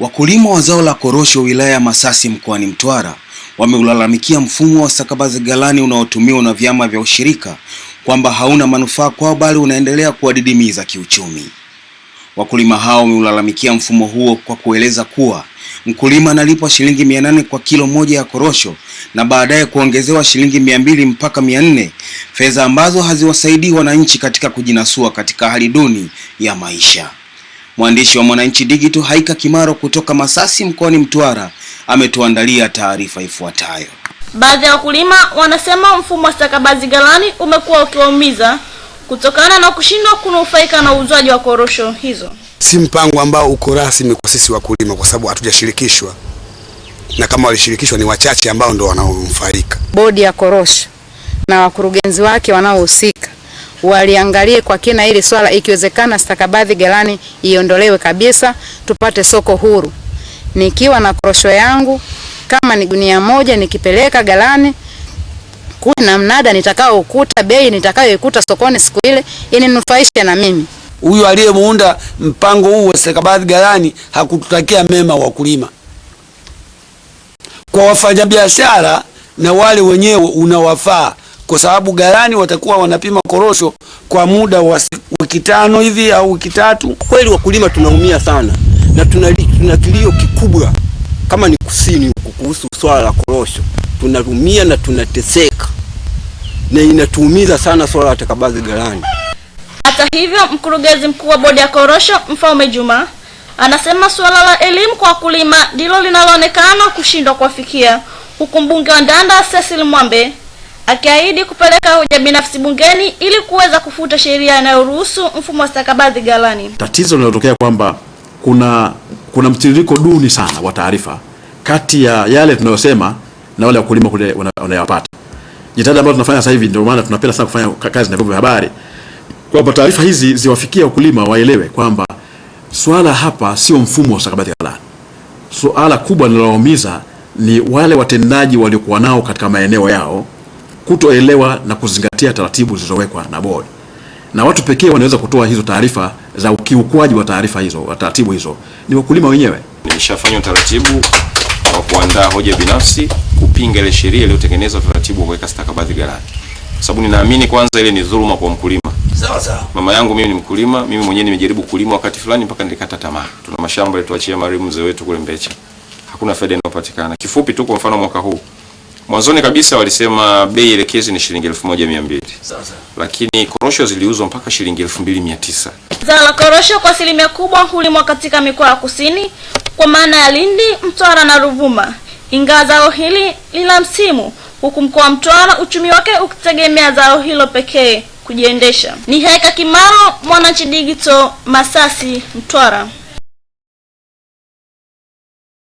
Wakulima wa zao la korosho wilaya ya Masasi mkoani Mtwara wameulalamikia mfumo wa stakabadhi ghalani unaotumiwa na vyama vya ushirika kwamba hauna manufaa kwao bali unaendelea kuwadidimiza kiuchumi. Wakulima hao wameulalamikia mfumo huo kwa kueleza kuwa mkulima analipwa shilingi mia nane kwa kilo moja ya korosho na baadaye kuongezewa shilingi mia mbili mpaka mia nne fedha ambazo haziwasaidii wananchi katika kujinasua katika hali duni ya maisha. Mwandishi wa Mwananchi Digital Haika Kimaro kutoka Masasi mkoani Mtwara ametuandalia taarifa ifuatayo. Baadhi ya wakulima wanasema mfumo wa stakabazi ghalani umekuwa ukiwaumiza kutokana na kushindwa kunufaika na uuzaji wa korosho hizo. Si mpango ambao uko rasmi kwa sisi wakulima, kwa sababu hatujashirikishwa, na kama walishirikishwa ni wachache ambao ndo wanaonufaika. Bodi ya korosho na wakurugenzi wake wanaohusika waliangalie kwa kina ili swala, ikiwezekana stakabadhi ghalani iondolewe kabisa, tupate soko huru. Nikiwa na korosho yangu kama ni gunia moja, nikipeleka ghalani kuwe na mnada nitakao ukuta, bei nitakayoikuta sokoni siku ile ininufaishe na mimi. Huyu aliyemuunda mpango huu wa stakabadhi ghalani hakututakia mema wakulima, kwa wafanyabiashara na wale wenyewe unawafaa kwa sababu galani watakuwa wanapima korosho kwa muda wa wiki tano hivi au wiki tatu. Kweli wakulima tunaumia sana na tuna, tuna kilio kikubwa kama ni kusini huko kuhusu swala la korosho, tunarumia na tunateseka na inatuumiza sana swala la takabazi Hata hivyo, mkurugenzi mkuu wa bodi ya korosho Mfaume Juma anasema suala la elimu kwa wakulima ndilo linaloonekana kushindwa kuwafikia, huku mbunge wa Ndanda Cecil Mwambe akiahidi kupeleka hoja binafsi bungeni ili kuweza kufuta sheria inayoruhusu mfumo wa stakabadhi ghalani. Tatizo linalotokea kwamba kuna kuna mtiririko duni sana wa taarifa kati ya yale tunayosema na wale wakulima kule wanayopata. Jitihada ambayo tunafanya sasa hivi, ndio maana tunapenda sana kufanya kazi na vyombo vya habari kwamba taarifa hizi ziwafikie wakulima, waelewe kwamba swala hapa sio mfumo wa stakabadhi ghalani. Swala kubwa linalowaumiza ni wale watendaji waliokuwa nao katika maeneo yao kutoelewa na kuzingatia taratibu zilizowekwa na bodi, na watu pekee wanaweza kutoa hizo taarifa za ukiukwaji wa taarifa hizo wa taratibu hizo ni wakulima wenyewe. Nimeshafanya utaratibu wa kuandaa hoja binafsi kupinga ile sheria iliyotengenezwa, utaratibu wa kuweka stakabadhi ghalani, kwa sababu ninaamini kwanza ile ni dhuluma kwa mkulima. Sawa sawa, mama yangu mimi ni mkulima, mimi mwenyewe nimejaribu kulima wakati fulani mpaka nilikata tamaa. Tuna mashamba yetu achia marimu mzee wetu kule Mbecha, hakuna faida inayopatikana. Kifupi tu, kwa mfano mwaka huu Mwanzoni kabisa walisema bei elekezi ni shilingi 1200. Sasa. Lakini korosho ziliuzwa mpaka shilingi 2900. Zao la korosho kwa asilimia kubwa hulimwa katika mikoa ya kusini kwa maana ya Lindi, Mtwara na Ruvuma. Ingawa zao hili lina msimu, huku mkoa wa Mtwara uchumi wake ukitegemea zao hilo pekee kujiendesha. Ni Haika Kimaro, Mwananchi Digital, Masasi, Mtwara.